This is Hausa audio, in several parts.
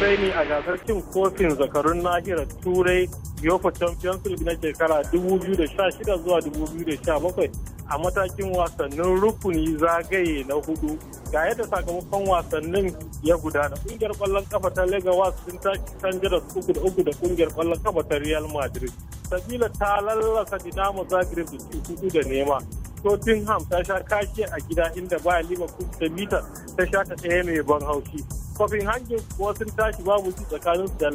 ɗauki a gasar cin kofin zakarun nahiyar turai yofa champions league na shekara 2016 zuwa 2017 a matakin wasannin rukuni zagaye na hudu ga yadda sakamakon wasannin ya gudana kungiyar kwallon kafa ta legawas sun tashi canja su uku da uku da kungiyar kwallon kafa ta real madrid sabila ta lallasa dinamo zagreb da su hudu da nema tottenham ta sha kashi a gida inda baya liverpool da mita ta sha ta ɗaya mai ban haushi Copenhagen ko sun tashi babu ci tsakanin su da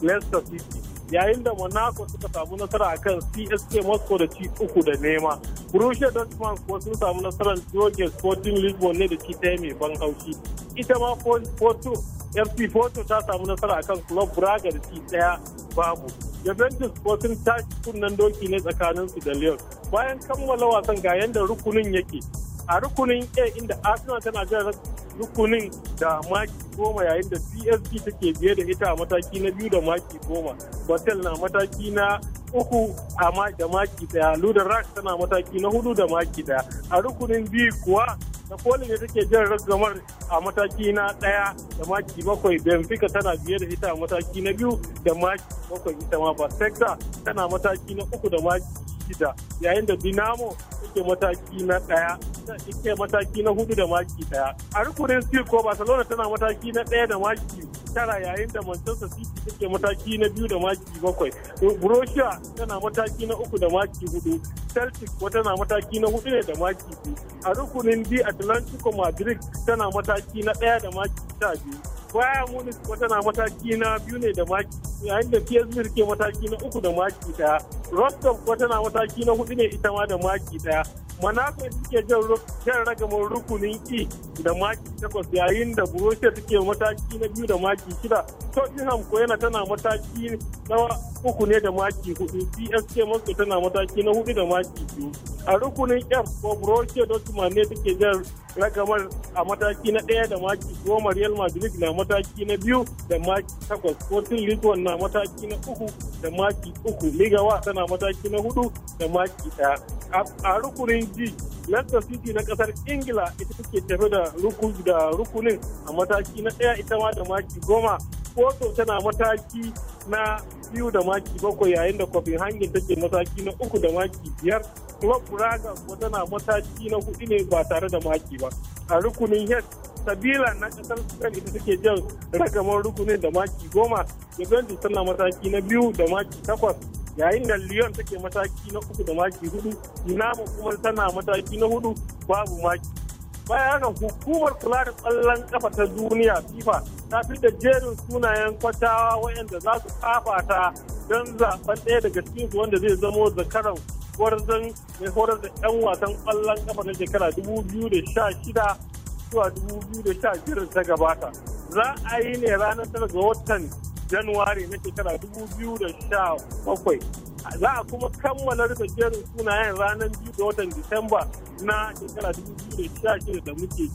Leicester City. Yayin da Monaco suka samu nasara akan CSK Moscow da ci uku da nema. Borussia Dortmund kuwa sun samu nasarar Georgia Sporting Lisbon ne da ci ɗaya mai ban haushi. Ita ma Porto FC Porto ta samu nasara akan Club Braga da ci ɗaya babu. Juventus ko sun tashi kunnen doki ne tsakaninsu da Lyon. Bayan kammala wasan ga yadda rukunin yake a rukunin a inda arsenal tana jan rukunin da maki goma yayin da csg take biye da ita a mataki na biyu da maki goma batel na mataki na uku a da maki daya ludan rak tana mataki na hudu da maki daya a rukunin biyu kuwa na koli ne take jan ragamar a mataki na daya da maki bakwai benfica tana biye da ita a mataki na biyu da maki bakwai ita ma basekta tana mataki na uku da maki shida yayin da dinamo take mataki na daya ke mataki na hudu da maki daya a rukunin c ko barcelona tana mataki na daya da maki tara yayin da manchester city take mataki na biyu da maki bakwai borussia tana mataki na uku da maki hudu celtic ko tana mataki na hudu ne da maki biyu a rukunin d atlantico madrid tana mataki na daya da maki sha biyu Bayern Munich ko tana mataki na biyu ne da maki yayin da PSV ke mataki na uku da maki daya. Rostov ko tana mataki na hudu ne ita ma da maki daya. Monaco suke jan ragamin rukunin ki e da maki takwas yayin da Borussia suke mataki na biyu da maki shida. Tottenham ko yana tana mataki na uku ne da maki hudu CSK Moscow tana mataki na hudu da maki biyu. A rukunin F ko Borussia Dortmund ne take jar ragamar a mataki na ɗaya da maki goma Real Madrid na mataki na biyu da maki takwas Sporting Lisbon na mataki na uku da maki uku Ligawa tana mataki na hudu da maki ɗaya. A rukunin G Leicester City na kasar Ingila ita take tafi da rukunin a mataki na ɗaya ita ma da maki goma Porto tana mataki na biyu da maki bakwai yayin da Copenhagen take mataki na uku da maki biyar. Club Braga kuma tana mataki na hudu ne ba tare da maki ba. A rukunin Hess Sabila na kasar Spain ita take jan ragamar rukunin da maki goma. Juventus tana mataki na biyu da maki takwas. Yayin da Lyon take mataki na uku da maki hudu. Dinamo kuma tana mataki na hudu babu maki. bayan hukumar kula da tsallan kafa ta duniya fifa ta fi da jerin sunayen kwatawa wayanda za su ta don zaben ɗaya daga cikinsu wanda zai zamo zakaran gwarzon mai horar da 'yan wasan kwallon kafa na shekara 2016 zuwa 2015 ta gabata za a yi ne ranar tara ga watan januwari na shekara 2017 za a kuma kammala rufe jerin sunayen ranar biyu ga watan disamba na shekara 2016 da muke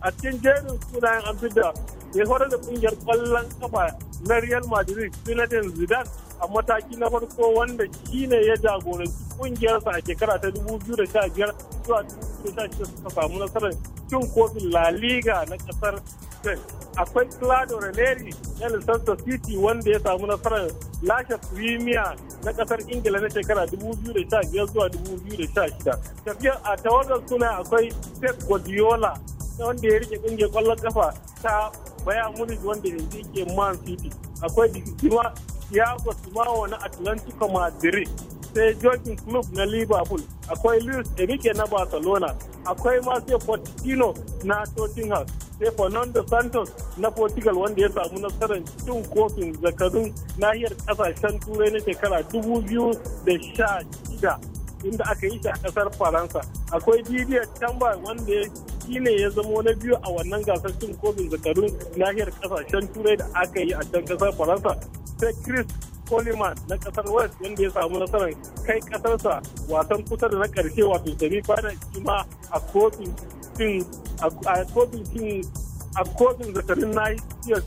a cikin jerin sunayen an fi da ya horar da kungiyar kwallon kafa na real madrid zinedine zidane a mataki na farko wanda shi ne ya jagoranci kungiyarsa a shekara ta 2015 zuwa 2016 suka samu nasarar cin kofin La Liga na kasar Spain. Akwai Claudio Ranieri na Leicester City wanda ya samu nasarar lashe Premier na kasar Ingila na shekara 2015 zuwa 2016. Tafiyar a tawagar suna akwai Pep Guardiola wanda ya rike kungiyar kwallon kafa ta Bayern Munich wanda yanzu ke Man City. Akwai Dikima Thiago basu na atlantico madrid sai jokin club na liverpool akwai luis enrique na barcelona akwai masu pochettino na tottenham sai fernando santos na portugal wanda ya samu nasarar cin kofin zakarun nahiyar kasashen turai na shekara 2016 inda aka yi shi a kasar faransa akwai didier tamba wanda shi ne ya zamo na biyu a wannan gasar cin kofin zakarun nahiyar kasashen turai da aka yi a can kasar faransa sai chris coleman na kasar west wanda ya samu nasarar kai kasarsa wasan kusa da na karshe wato sami fada kima a kofin cin a kofin cin a kofin zakarin nahiyar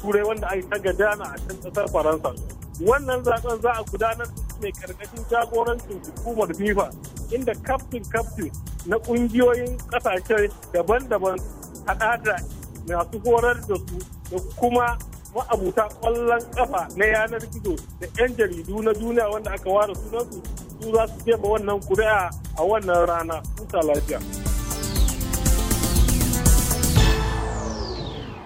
turai wanda aka ta gajana a can kasar faransa wannan zaben za a gudanar mai karkashin jagorancin hukumar fifa inda kaftin kaftin na kungiyoyin kasashe daban-daban hada da masu horar da su da kuma ma'abuta kwallon kafa na yanar gizo da 'yan jaridu na duniya wanda aka ware sunansu su za su jefa wannan kuri'a a wannan rana. Huta lafiya.